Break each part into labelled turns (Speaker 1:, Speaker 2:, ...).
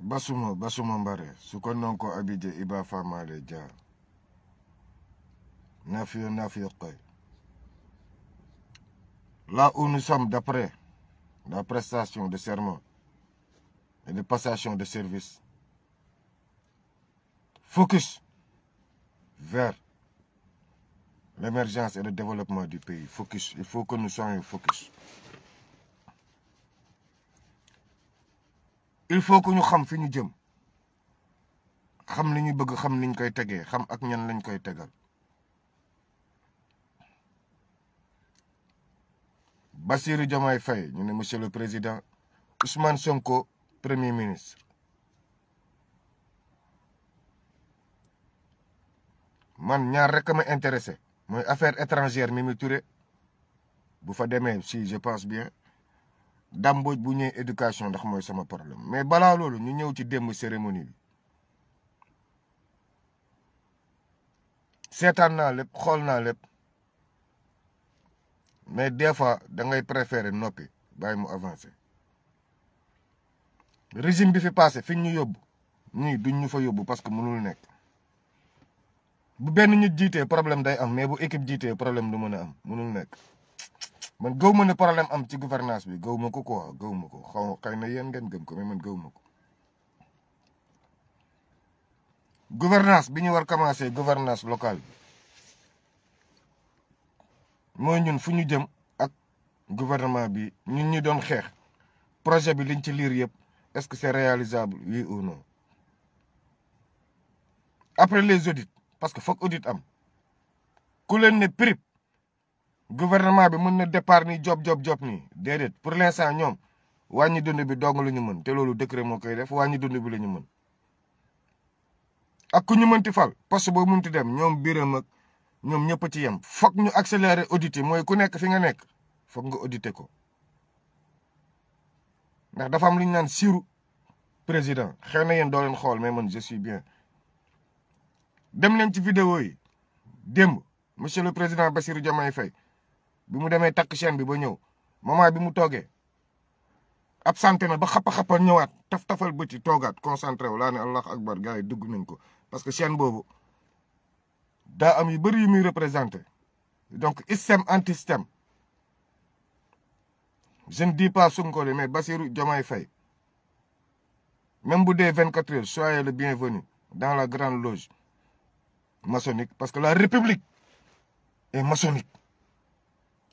Speaker 1: mbare abidje iba là où nous sommes d'après la prestation de serment et de passation de service focus vers l'émergence et le développement du pays focus il faut que nous soyons focus il faut que ñu xam fi ñu jëm xam li ñu bëgg xam niñ koy tegee xam ak ñan lañ koy tegal Bassirou Diomaye Faye ñu ne monsieur le président Ousmane Sonko premier ministre man ñaar rek a ma intéressé mooy affaire étrangère Mimi Touré bu fa demee si je pense bien dàmbooj bu ñëwee éducation ndax mooy sama problème mais balaa loolu ñu ñëw ci démb cérémonie bi seetaan naa lépp xool naa lépp mais des fois da ngay préférer noppi bàyyi mu avancé régime bi fi passé fi ñu yóbbu ñii duñ ñu fa yóbbu parce que mënul nekk bu benn ñu jiitee problème day am mais bu équipe jiitee problème du mën a am mënul nekk man gëw ma ne problème am ci gouvernance bi gëw ma ko quoi ma ko xaw xëy na yéen ngeen gëm ko mais man gëw ma ko gouvernance bi ñu war commencé gouvernance locale bi mooy ñun fu ñu jëm ak gouvernement bi ñun ñu doon xeex projet bi liñ ci liir yëpp est-ce que c'est réalisable oui ou non après les audits parce que foog audit am ku leen ne gouvernement bi mën na départ ni job job job nii déedéet pour l'instant ñoom wàññi dund bi dong lu ñu mën te loolu décret moo koy def wàññi dund bi la ñu mën. ak ku ñu mënti fal poste boo mënti dem ñoom biram ak ñoom ñëpp ci yem foog ñu accélérer auditer mooy ku nekk fi nga nekk foog nga auditer ko ndax dafa am lu ñu naan siru président xëy na yéen doo leen xool mais man je suis bien. dem leen ci vidéo yi démb monsieur le président Bassirou Diomaye Faye bi mu démé tak chaîne bi ba ñëw moment bi mu ab santé na ba xappa-xappal ñëwaat taf-tafal bëti toogaat concentré wu laa ne allah akbar gaay dugg nañ ko parce que chaîne bobu da am yu bari yu muy représenter donc système anti système je ne dis pas Sonko de mais basirou jomay fay même bu dé 24 heures soyez le bienvenu dans la grande loge maçonnique parce que la république est maçonnique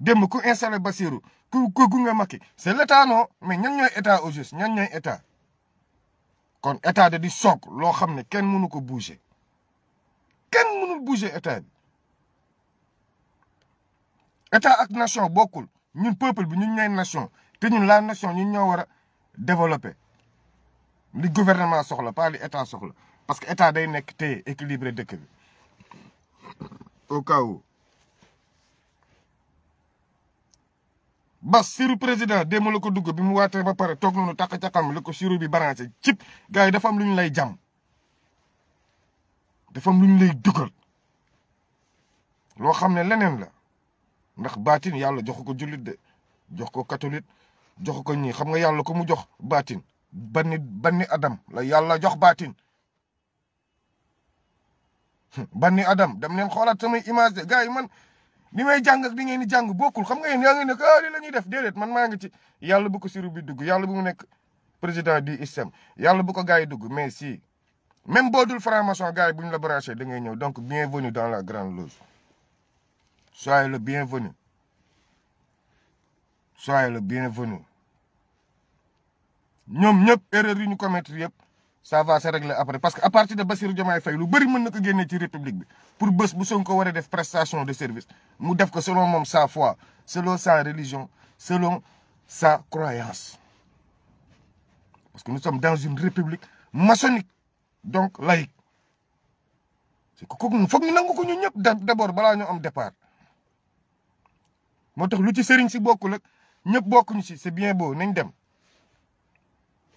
Speaker 1: dem ko installé Bassirou ku ku gunga Macky c'est l'état non mais ñan ñoy état au juste ñan ñoy état kon état de di soog lo xam ken kenn mënu ko bouger kenn mënu bouger état état ak nation bokul ñun peuple bi ñun nation te ñun la nation ñun ñoo wara développer li gouvernement soxla pas li état soxla parce que état day nekk té équilibré dëkk bi au cas où siiru président démb la ko dugg bi mu waatee ba pare toog noonu tàq ca xam la ko suro bi branché cib gars yi dafa lu ñu lay jam dafa am lu ñu lay dugal loo xam ne leneen la ndax baatin yàlla jox ko jullit de jox ko catholique jox ko ñii xam nga yàlla ko mu jox baatin banni adam la yàlla jox baatin banni adam dem leen xoolaat samay image de gars yi man ni way jang ak ni ngay ni jang bokul xam nga yéen nga ngi nekk ah, li la def dedet man ma nga ci yalla bu ko siru bi dug yalla bu mu nek president du ism yalla bu ko gars dug mais si même bo dul franc-maçon gars buñ la brancher da ngay ñew donc bienvenue dans la grande loge soyez le bienvenu soyez le bienvenu ñom ñep erreur yi ñu commettre yëpp ça va se régler après parce qu'à partir de Bassirou Diomaye Faye lu a beaucoup de ko qui ci république pour bés bu faire des a def prestation de service mu def ko selon moom sa foi selon sa religion selon sa croyance parce que nous sommes dans une république maçonnique donc laïque c'est que nous foog ñu nangu ko d'abord balaa ñu am départ moo lu ci sëriñ si bokkul ak ñëpp c'est bien beau nañ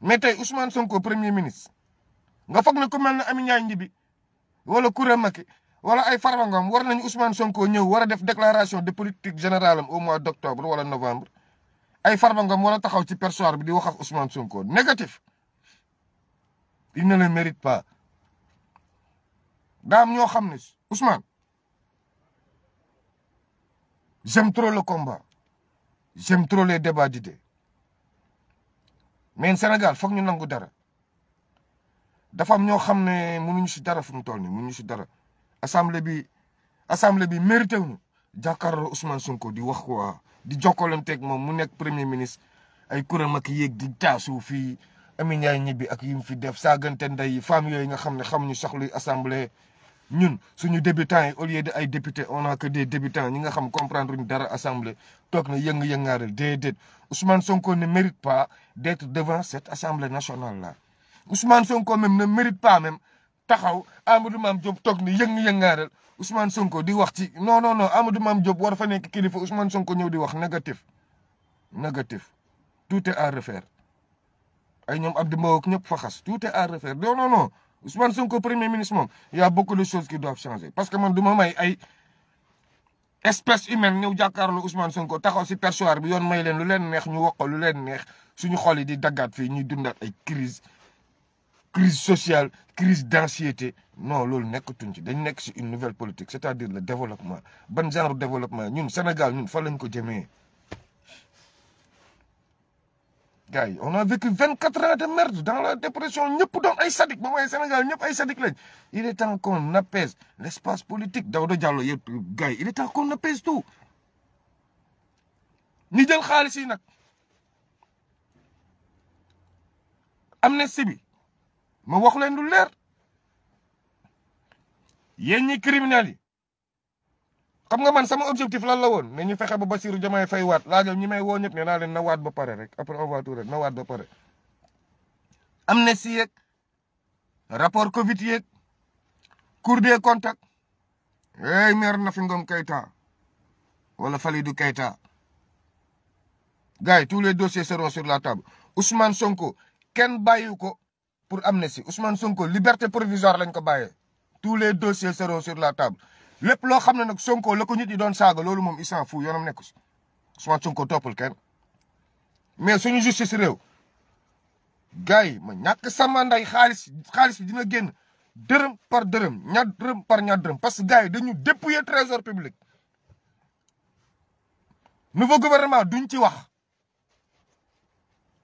Speaker 1: mais tey Ousmane Sonko premier ministre nga foog ne ko mel ne Amy Ndiaye Gniby wala Coura Macky wala ay Farba Ngom war nañu Ousmane Sonko ñëw war a def déclaration de politique générale am au mois d' octobre wala novembre ay Farba war a taxaw ci perchoir bi di wax ak Ousmane Sonko négatif il ne le mérite pas daam ñoo xam ne Ousmane j'aime trop le combat j'aime trop les débats d'idées mais Sénégal foog ñu nangu dara dafa am ñoo xam ne mënuñu si dara fu mu ni nii mënuñu si dara assemblée bi assemblée bi mérité wuñu jàkkaarloo Ousmane sunko di wax quoi di jokkalanteeg moom mu nekk premier ministre ay kuréel ak yéeg di taasu fii Amy Ndiaye ñibbi ak yi mu fi def saagante ndey femmes yooyu nga xam ne xamuñu sax luy assemblée ñun suñu débutants yi au lieu ay député on a que des ñi nga xam comprendre luñ dara assemblée toog na yëng-yëngaaral déedéet Ousmane Sonko ne mérite pas d'être devant cette assemblée nationale là Ousmane Sonko même ne mérite pas même taxaw Amadou Mame Diop toog ni yëng-yëngaaral Ousmane Sonko di wax ci non non non Amadou Mame Diop fa nekk kilifa Ousmane Sonko ñëw di wax négatif négatif tout est à refaire ay ñoom Abdou Mbow ak ñëpp fa xas tout est à refaire non non non Ousmane Sonko premier ministre moom beaucoup de choses qui doivent changer parce que man du ma may ay espèce humaine nous avons Ousmane Sonko taxaw ci bi may lu neex ñu crise crise sociale crise d'anxiété non loolu une nouvelle politique c'est-à-dire le développement ban genre développement ñun Sénégal ñun nous lañ gars yi on a vécu vingt quatre ans de merde dans la dépression ñëpp doon ay sadik ba mooy Sénégal ñëpp ay sadik lañ il est temps qu'on apaise l'espace politique Daouda Diallo yëpp gars yi il est temps qu'on apaise tout ñu jël xaalis yi nag amnistie bi ma wax leen lu leer yéen ñi criminels yi xam nga man sama objectif lan la woon ne ñu fexe ba Bassirou Diomaye Faye waat laajal ñi may woo ñëpp ne naa leen na waat ba pare rek après on tout rek na waat ba pare. amnistie rapport Covid yeeg cour des comptes hey mer na fi Ngom Keïta wala Falidou Keïta gars yi tous les dossiers seront sur la table Ousmane Sonko kenn bàyyi ko pour amnistie Ousmane Sonko liberté provisoire lañ ko bàyyee tous les dossiers seront sur la table. lépp loo xam ne nag Sonko la ko nit yi doon saaga loolu moom il s'en fout yoonam nekku si Ousmane Sonko toppal kenn mais suñu justice réew gars yi ma ñàkk sama nday xaalis xaalis bi dina génn dërëm par dërëm ñaar dërëm par ñaar dërëm parce que gars yi dañu dépouiller trésor public nouveau gouvernement duñ ci wax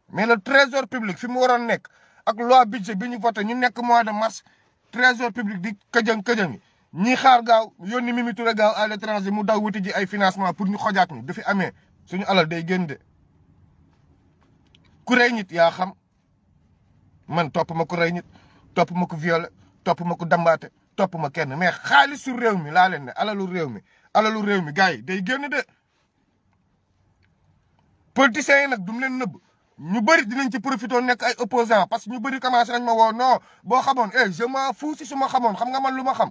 Speaker 1: mais le trésor public fi mu waroon nekk ak loi budget bi ñu voté ñu nekk mois de mars trésor public di këjëng këjëng ñi xaar gaaw yónni Mimi Touré gaaw à l'étranger mu daw wuti ji ay financement pour ñu xojaat ñu du fi amee suñu alal day génn de ku rey nit yaa xam man topp ma ku rey nit topp ma ku violé topp ma ku dambaate topp ma kenn mais xaalisu réew mi laa leen ne alalu réew mi alalu réew mi gars yi day génn de politiciens yi nag du mu leen nëbb ñu bëri dinañ ci profité nekk ay opposants parce que ñu bëri commencé nañ ma woo non boo xamoon eh je m'en fous si su ma xamoon xam nga man lu ma xam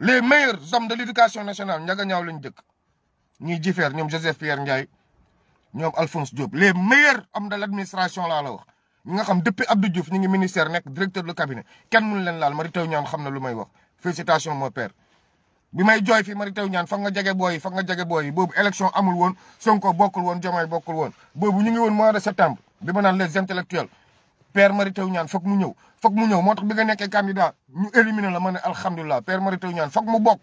Speaker 1: les meilleurs hommes de l'éducation nationale njaga ñaaw lañ dëkk ñuy jifeer ñoom Joseph Pierre Ndiaye ñoom Alphonse Diop les meilleurs hommes de l'administration laa la wax ñi nga xam depuis Abdou Diouf ñu ngi ministère nekk directeur de cabinet kenn mënu leen laal Mary Teuw Niane xam na lu may wax félicitations mon père bi may jooy fi Mary Teuw Niane fa nga jege booy yi fa nga jege booy yi boobu élection amul woon Sonko bokkul woon Diomaye bokkul woon boobu ñu ngi woon mois de septembre bi ma naan les intellectuels Père Mary wu ñaan foog mu ñëw foog mu moo tax bi nga nekkee candidat ñu éliminé la ma ne alhamdulilah Père Mary Teuw Niane foog mu bokk.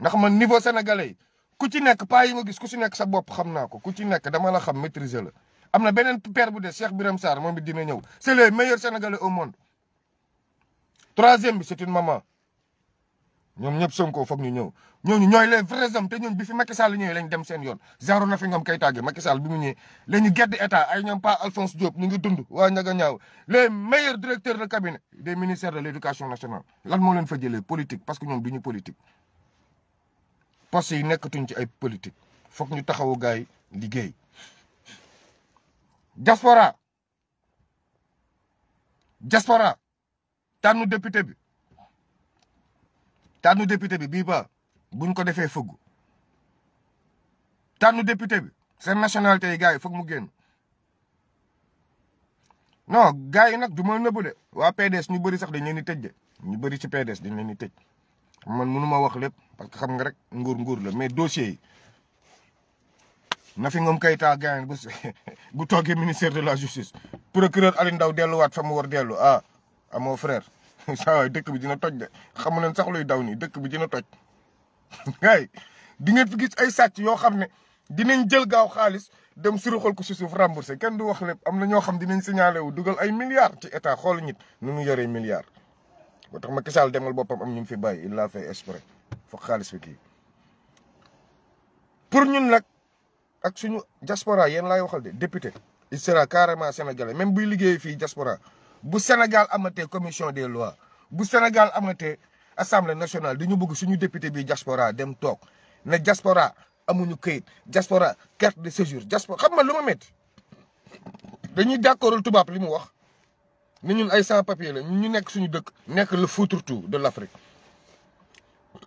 Speaker 1: ndax man niveau sénégalais ku ci nekk paa yi nga gis ku ci nekk sa bopp xam naa ko ku ci nekk dama la xam maîtriser la am na beneen père bu dee Cheikh Birame Sarr moom it dina ñëw c'est le meilleur sénégalais au monde troisième bi c'est une ñoom ñëpp Sonko foog ñu ñëw ñooñu ñooy les vrais hommes te ñun bi fi Macky Sall ñëwee lañ dem seen yoon zaro na fi ngam kay tàgge Macky Sall bi mu ñëwee la ñu gedd état ay ñoom pas Alphonse Diop ñu ngi dund waa ñaga ñaaw les meilleurs directeurs de cabinet des ministères de l' éducation nationale lan moo leen fa jëlee politique parce que ñoom du ñu politique poste yi nekkatuñ ci ay politique foog ñu taxawu gaay liggéey diaspora diaspora tànnu député bi tànnu député bi bi ba buñ ko défé fëgg tànnu député bi sen nationalité yi gars yi mu génn non gaay nak duma du ma nëbbu PDS ñu bëri sax dañ leen di tejj ñu bëri ci PDS dañ leen di tejj man mënuma ma wax lepp parce que xam nga rek nguur nguur la mais dossier yi na fi ngoom kaytaa gars bu bu ministère de la justice procureur Aliou Ndao delluwaat fa mu war dellu ah amo ah, frère saa waay dëkk bi dina toj de xamu leen sax luy daw nii dëkk bi dina toj ngay di ngeen fi gis ay sàcc yoo xam ne dinañ jël gaaw xaalis dem suruxal ko si suuf remboursé kenn du wax lépp am na ñoo xam dinañ signalé wu dugal ay milliards ci état xool nit nu mu yoree milliards. ba tax ma Sall demal boppam am ñu mu fi bàyyi il l'a fait exprès foog xaalis bi kii pour ñun nag ak suñu diaspora yéen laay waxal de député il sera carrément sénégalais même buy liggéeyee fii diaspora bu Sénégal la commission des lois bu Sénégal a assemblée nationale nous bëgg suñu député bi diaspora dem mais ne diaspora amuñu la diaspora carte de séjour diaspora sais ce que je métti dañuy d'accordul tubaab li mu wax ni ñun ay sans papier nous, ñu nekk suñu dëkk. nekk le foutre-tout de l'Afrique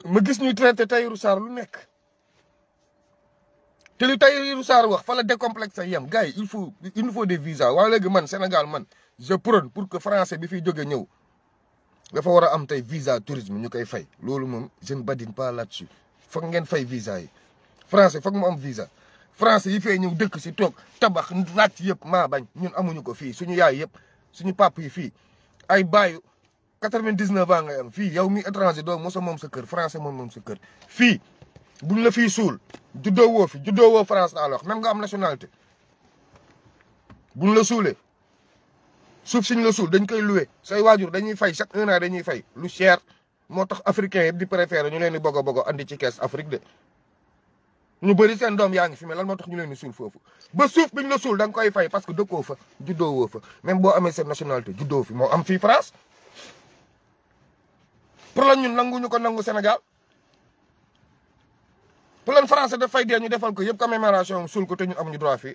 Speaker 1: ma gis ñuy traité Tahirou Sarr lu nekk te lu Tahirou Sarr wax fa la décomplexer. il faut il nous faut des visas waaye léegi man Sénégal man. je prône pour que français bi fiy jóge ñëw dafa war am tey visa tourisme ñu koy fay loolu moom jeune ne badine pas là-dessus foog ngeen fay visa yi français foog mu am visa français yi fay ñëw dëkk si toog tabax naaj yëpp maa bañ ñun amuñu ko fii suñu yaay yëpp suñu pap yi fii ay baayu quatre-vingt-dix-neuf ans ngay am fii yow mi étranger doo mosa moom sa kër français moom moom sa kër fii buñ la fi suul juddoo woo fi juddoo woo France laa la wax même nga am nationalité buñ la suule suuf siñ la sul dañ koy loué say wajur dañuy fay chaque un an dañuy fay lu cher motax africain yeb di préférer ñu leen bogo bogo andi ci caisse Afrique de ñu bari sen dom yaangi fi mais lan motax ñu leen sul fofu ba suuf biñ la sul da koy fay parce que dëkkoo fa juddo wo fa même bo amé seen nationalité juddo fi mo am fi France pour lan ñun nangu ñuko nangu Sénégal pour lan français da fay dé ñu défal ko yeb commémoration sul ko ñu am ñu droit fi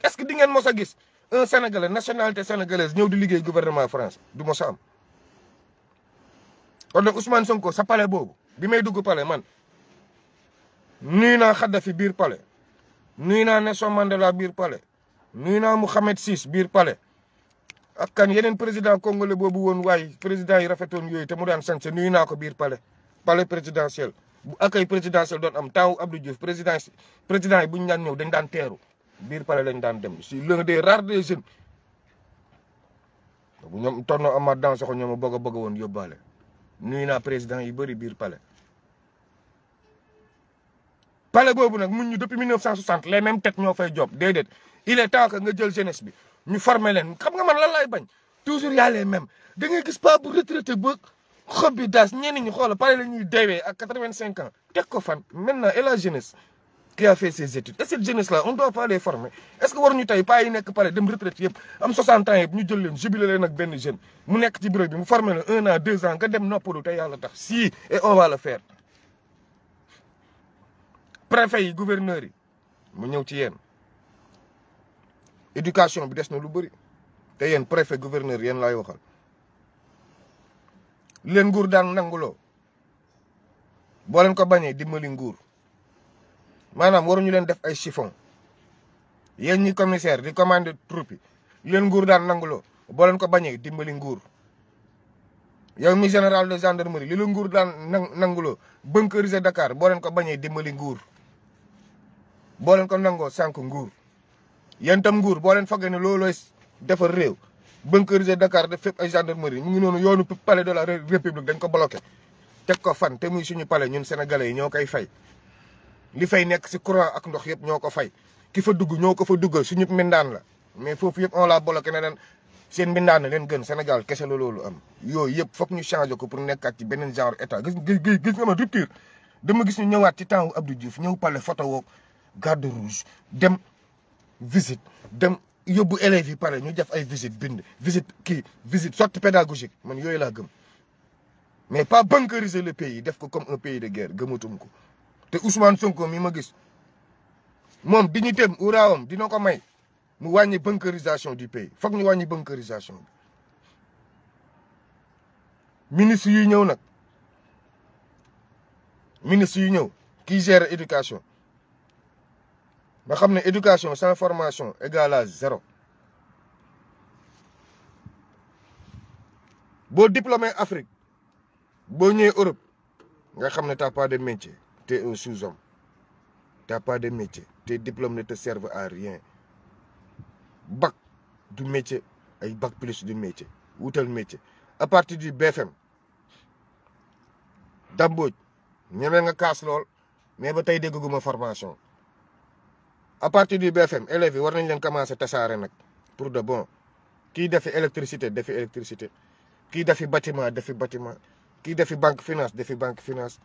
Speaker 1: est ce que di ngeen mossa gis un sénégalais nationalité sénégalaise ñëw di liggéey gouvernement France du ma sa am. kon nag Ousmane Sonko sa palais boobu bi may dugg palais man nuyu naa Xaddafi biir palais nuyu naa Nelson Mandela biir palais nuyu naa Mohamed Sis biir palais. ak kan yeneen président congolais boobu woon waaye président yi rafetoon yooyu te mu daan sant nuyu naa ko biir palais palais présidentiel bu akay présidentiel doon am taw Abdou Diouf président président yi bu ñu ñëw dañ daan teeru biir pare lañ daan dem si l'un des rares des jeunes bu ñoom tonno Amath Dansokho ñoom a bëgg a bëgg woon yóbbaale nuyu naa président yi bëri biir palais palais boobu nag mun ñu cent 1960 les mêmes têtes ñoo fay job déedéet il est temps que nga jël jeunesse bi ñu former leen xam nga man lan lay bañ toujours y a les mêmes da ngay gis pas bu retraité ba xob bi daas ñenn ñi xoolal palais la ñuy deewee ak 85 ans ko fan maintenant et la jeunesse. qui a fait ses études. Et cette jeunesse-là, on ne doit pas les former. Est-ce que nous avons pas une parler de retraite Am 60 ans, nous avons jubilé avec ben jeune. Nous sommes qui bureau, nous formons un an, deux ans, nous avons pour le Si, et on va le faire. Préfet, gouverneur, nous sommes qui Éducation, nous sommes qui bari. Te yen préfet, gouverneur, yen la yokhal. Len gour dan nangolo. Bolen ko bagné, dimeli ngour. maanaam waruñu leen def ay chiffon yéen ñi commissaire di commandé troupe yi leen nguur daan nanguloo boo leen ko bañee dimbali nguur yow mi général de gendarmerie li la nguur daan nanguloo bunkeriser Dakar boo leen ko bañee dimbali nguur boo leen ko nangoo sànq nguur yéen tam nguur boo leen foggee ne loolooy defar réew bunkeriser Dakar def fépp ay gendarmerie mu ngi noonu yoonu palais de la république dañ ko bloqué teg ko fan te muy suñu palais ñun sénégalais yi ñoo koy fay li fay nekk si courant ak ndox yëpp ñoo ko fay ki fa dugg ñoo ko fa duggal su ñëpp mbindaan la mais foofu yëpp on la bloqué ne leen seen mbindaan na leen gën Sénégal kese la loolu am yooy yëpp foog ñu changé ko pour nekkaat ci beneen genre état gis gis gis nga ma rupture dama gis ñu ñëwaat ci temps wu Abdou Diouf ñëw pale photo woog garde rouge dem visite dem yóbbu élèves yi pare ñu def ay visite bind visite kii visite sortie pédagogique man yooyu laa gëm mais pas bunkériser le pays def ko comme un pays de ko te Ousmane Sonko mi ma gis moom dignité am uraawam dina ko may mu wàññi bunkerisation du pays foog ñu wàññi bunkerisation bi ministre yu ñëw nag ministre yu ñëw kii gère éducation nga xam ne éducation sans formation égale à zéro boo diplômé Afrique boo ñëwee Europe nga xam ne t'as pas de métier Tu es un sous-homme. Tu n'as pas de métier. Tes diplômes ne te servent à rien. Bac du métier ay bac plus du métier le métier à partir du BFM Dambodj ñeme un casse lool mais ba tey dégguma formation à partir du BFM élèves comment war nañ leen faire tasaare nag pour de bon a fait électricité Qui électricité fait le bâtiment le bâtiment kii defi banque finance la banque finance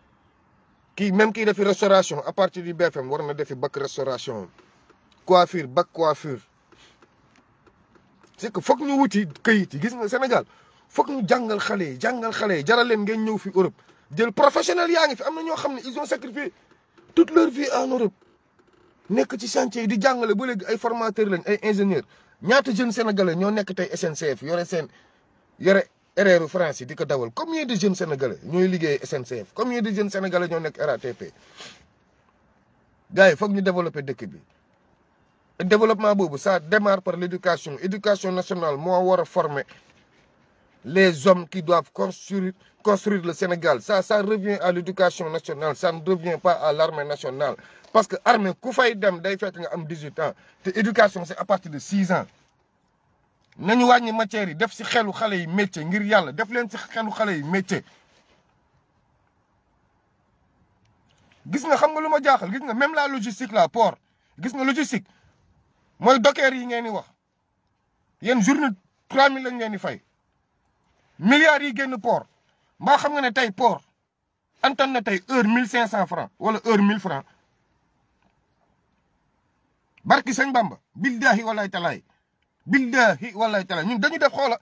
Speaker 1: qui même qui a fait restauration à partir du BFM war na defi bac restauration coiffure bac coiffure c'est que faut ñu wuti këyit yi gis nga Sénégal faut ñu jàngal xale yi jàngal xale yi jaral leen ngeen fi Europe des professionnel y ngi fi am na ñoo ils ont sacrifié toute leur vie en Europe Nek ci chantier di jàngale bu leg ay formateur lañ ay ingénieur ñaata jeune sénégalais ñoo nek tay SNCF yoré sen yoré erreur France il que que dawal combien de jeunes sénégalais ñoy liggéey SNCF combien de jeunes sénégalais sont nek RATP gars faut que ñu développer dëkk bi développement ça démarre par l'éducation éducation nationale Moi, wara former les hommes qui doivent construire le Sénégal ça ça revient à l'éducation nationale ça ne revient pas à l'armée nationale parce que armée quand fay dem day fait nga am 18 ans L'éducation, c'est à partir de 6 ans nañu wàññi matière yi def si xelu xale yi métier ngir yàlla def leen si xelu xale yi métier. gis nga xam nga lu ma jaaxal gis nga même la logistique la port gis nga logistique mooy docker yi ngeen di wax yéen journée 3000 lañ leen di fay. milliards yi génn port mbaa xam nga ne tey port antan na tey heure cent francs wala heure 1000 francs barki sëñ Bamba billaahi walaay talaay billahi wallahi taala ñun dañu def xoola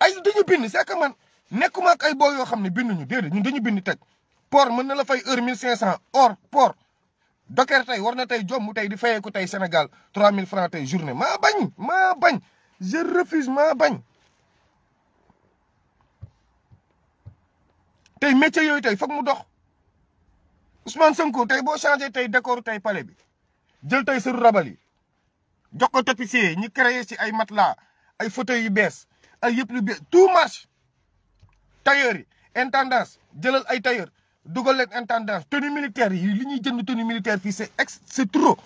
Speaker 1: ay dañu bind c'est que man nekkuma ak ay booy yoo xam ne binduñu déedéet ñun dañu bind teg port mën na la fay heure mille cinq cent or port docker tey war na tey jomm tey di fayeeku tey senegal trois mille francs tey journée maa bañ maa bañ je refuse maa bañ tey métier yooyu tey foog mu dox Ousmane Sonko tey boo changé tey décor tey palais bi jël tey sëru rabal yi jox ko tapissier ñu créé ci ay matelas ay fauteuils yu too ay yëpp lu bees tout marche tailleur intendance jëlal ay tailleur duggal leen intendance tenue militaire yi li ñuy jënd tenue militaire fi c'est ex c'est trop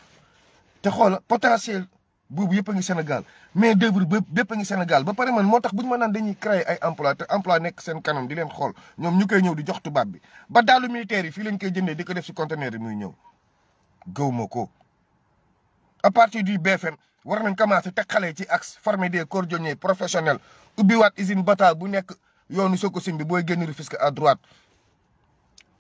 Speaker 1: té xol potentiel boobu yëpp ngi Sénégal mais d'œuvre bépp ngi Sénégal ba paré man motax bu ma dañuy créer ay emploi té emploi nek sen kanam di leen xol ñom ñukay koy ñëw di jox tubab bi ba dalu militaire yi fi lañ koy jëndé diko def si conteneur yi muy ñëw gëw mako à partir du BFM war nañ commencé tek xalé ci axe former des cordonniers professionnels wat usine bata bu nek yoonu Sococim bi boy génn Rufisque à droite.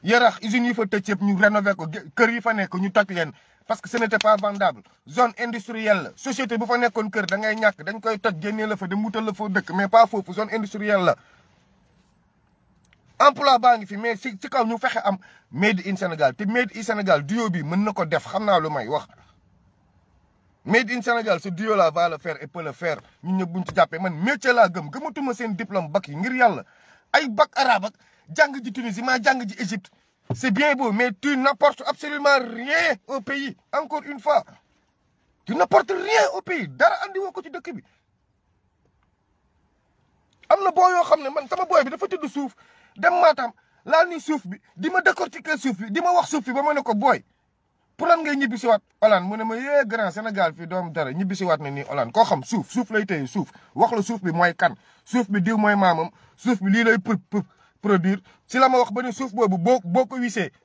Speaker 1: yarax usine yi fa teccep ñu rénover ko kër yi fa nek ñu toj leen parce que ce n'était pas vendable zone industrielle société bu fa nekkon kër da ngay ñak dañ koy tok génnee la fa dem wutal la fa dekk mais pas fofu zone industrielle la. emploi fi mais ci kaw ñu fexé am made in Senegal, te made in Senegal, duo bi mën ko def xamna lu may wax. Made in Sénégal ce duo là va le faire et peut le faire ñun ñëpp bu ñu man métier gëm diplôme bac ngir bac arabe Tunisie ma Égypte c'est bien beau mais tu n'apportes absolument rien au pays encore une fois tu n'apportes rien au pays dara andi wo ko ci dëkk bi am na man sama boy bi dafa souf. dem Matam ni souf bi Dima décortiquer souf bi Dima wax souf bi Pulang geng ngay ñibisi wat waat mu ne ma ye eh, grand senegal fi doom dara ñibisi wat ni na ko xam suuf suuf lay tey suuf wax la suuf bi moy kan suuf bi diw moy mamam suuf bi li lay produire si la ma wax ba ni suuf bobu boo boo ko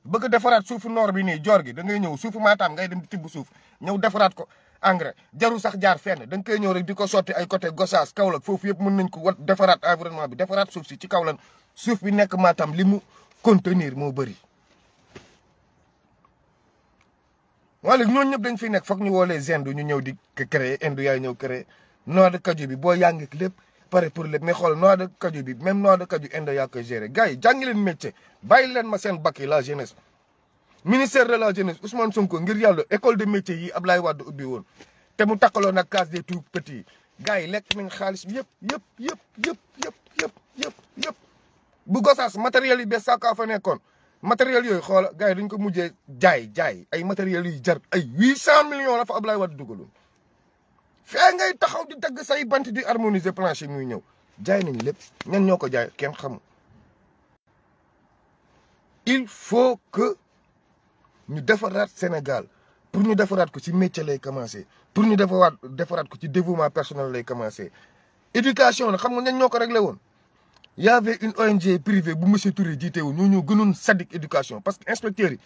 Speaker 1: bëgg défarat suufu noor bi ni jor gi da ngay ñew suufu matam ngay dem tibbu suuf ñew défarat ko engrais jaru sax jaar fenn da ngay ñew rek di soti ay côté Gossas Kaolack fofu yëp mën nañ ko wat défarat environnement bi défarat suuf si ci Kaolack suuf bi nek matam limu contenir mo bari waa léegi ñooñu ñëpp dañ fiy nekk foog ñu wool les Indes ñu ñëw di créer Inde yaay ñëw créer noix de cajou bi boo yàngee lépp pare pour lépp mais xool noix de cajou bi même noix de cajou Inde yaa koy gérer gars yi jàngi leen métier bàyyi leen ma seen bac yi la jeunesse. ministère de la jeunesse Ousmane Sonko ngir yàlla école de métier yi Ablaye Wade ubbi woon te mu takkaloon ak case des tout petits yi gars yi lekk nañ xaalis bi yëpp yëpp yëpp yëpp yëpp yëpp yëpp bu gosaas matériel yi bees saa fa nekkoon. matériel yoy xol gaay duñ ko mujjé jaay jaay ay matériel yu jar ay 800 millions la fa Abdoulaye Wade dugaloon fee ngay taxaw di dagg say bant di harmoniser plancher muy ñew jaay nañ lepp ñan ñoko jaay kèn xam il faut que ñu défarat Sénégal pour ñu défarat ko ci métier lay commencé pour ñu défarat defaraat ko ci dévouement personnel lay commencé éducation xam nga ñan ñoko ko réglé woon y avait une ONG privée bu monsieur Touré dit wu ñoo ñoo s'adique sadik éducation parce que inspecteurs yi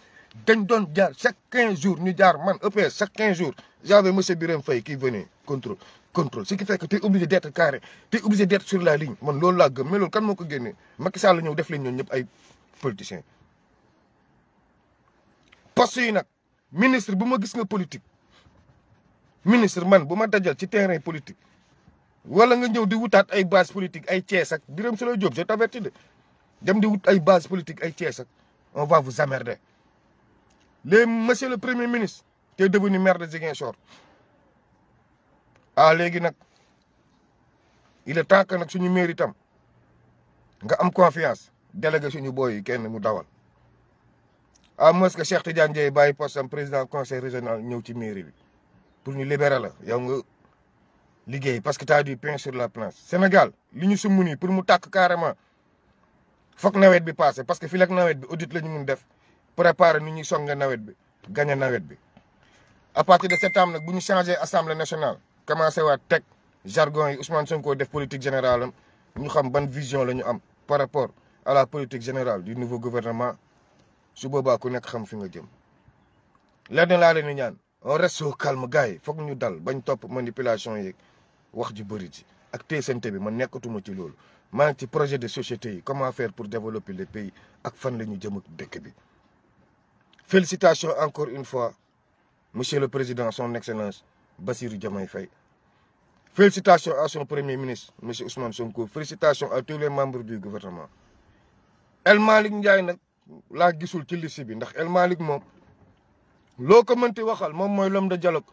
Speaker 1: dañ doon jaar chaque quinze jours ñu jaar man EPS chaque quinze jours y avait monsieur Birame Faye qui venait contrôle contrôle ce qui fait que es obligé d'être carré tu es obligé d'être sur la ligne man loolu laa gëm mais loolu kan que ko génnee Macky Sall la ñëw def leen ñoom ñëpp ay politiciens Passé yi ministre bu ma gis nga politique ministre man bu ma dajal ci terrain politique wala nga avez di base politique ay je base politique on va vous emmerder monsieur le premier ministre t'es devenu maire ah, il est temps que vous suñu nga confiance délégué suñu kenn mu à moins que Cheikh Tidiane président conseil régional pour ñu libérer liggéey parce que t'as du pain sur la planche Sénégal li ñu sumb pour mu tak carrément foog nawet bi passé parce que fii ak nawet bi audit lañu ñu def préparer ñu ñuy songe nawet bi gagner nawet bi. à partir de septembre nous bu ñu changé assemblée nationale commencé wa teg jargon yi Ousmane Sonko def politique générale ñu xam ban vision lañu am par rapport à la politique générale du nouveau gouvernement su boobaa ku nekk xam fi nga jëm. lenn la leen ñaan on reste au calme gars faut que nous dal bañ top manipulation yi wax ju bëri ji ak teesante bi man nekatuma ci loolu maa ci projet de société comment faire pour développer le pays ak fan la ñu jëm ak bi félicitations encore une fois monsieur le président son excellence Bassirou Diomaye Faye félicitations à son premier ministre monsieur Ousmane Sonko félicitations à tous les membres du gouvernement El Malik Ndiaye que la gisul ci liste bi ndax El Malik mom loko ko waxal mom moy l'homme de dialogue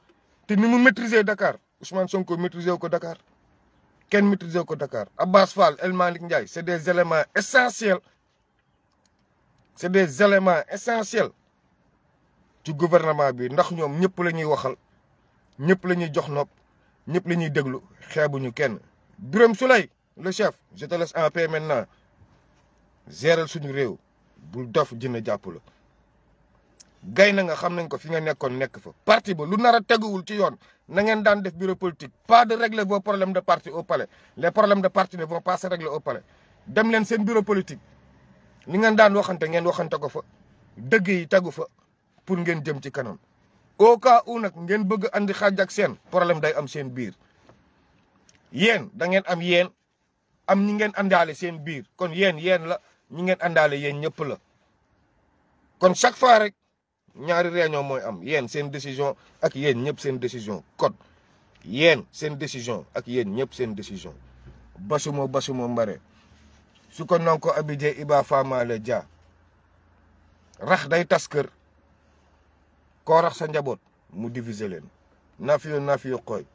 Speaker 1: té ni mu maîtriser Dakar Ousmane Sonko maîtrisé au Dakar kenn maîtrisé au Dakar Abbas Fall El Ndiaye c'est des éléments essentiels C'est des éléments essentiels du gouvernement nous, bi ndax ñoom ñëpp la ñuy waxal ñëpp la ñuy jox nopp ñëpp la ñuy déglu xeebuñu kenn. Birame Souleye le chef je te laisse en paix maintenant gérer suñu réew bul dof dina jàpp gay nga xam nañ ko fi nga nekkoon nekk fa parti ba lu nar a teguwul ci yoon na ngeen daan def bureau politique pas de régler vos problèmes de parti au palais les problèmes de parti ne vont pas se régler au dem leen seen bureau politique ni ngeen daan waxante ngeen waxante ko fa dëgg yi tegu fa pour ngeen jëm ci kanam au cas où nag ngeen bëgg andi xaaj ak seen problème day am seen biir yéen da ngeen am yéen am ñi ngeen àndaale seen biir kon yéen yéen la ñi ngeen àndaale yéen ñëpp la kon chaque fois rek ñaari réunion mooy am yéen seen décision ak yéen ñëpp seen décision code yéen seen décision ak yéen ñëpp seen décision basumo basumo mbare su ko non ko abidje iba faamaale rax day tas kër koo sa njaboot mu diviser leen nafiyo nafiyo xooy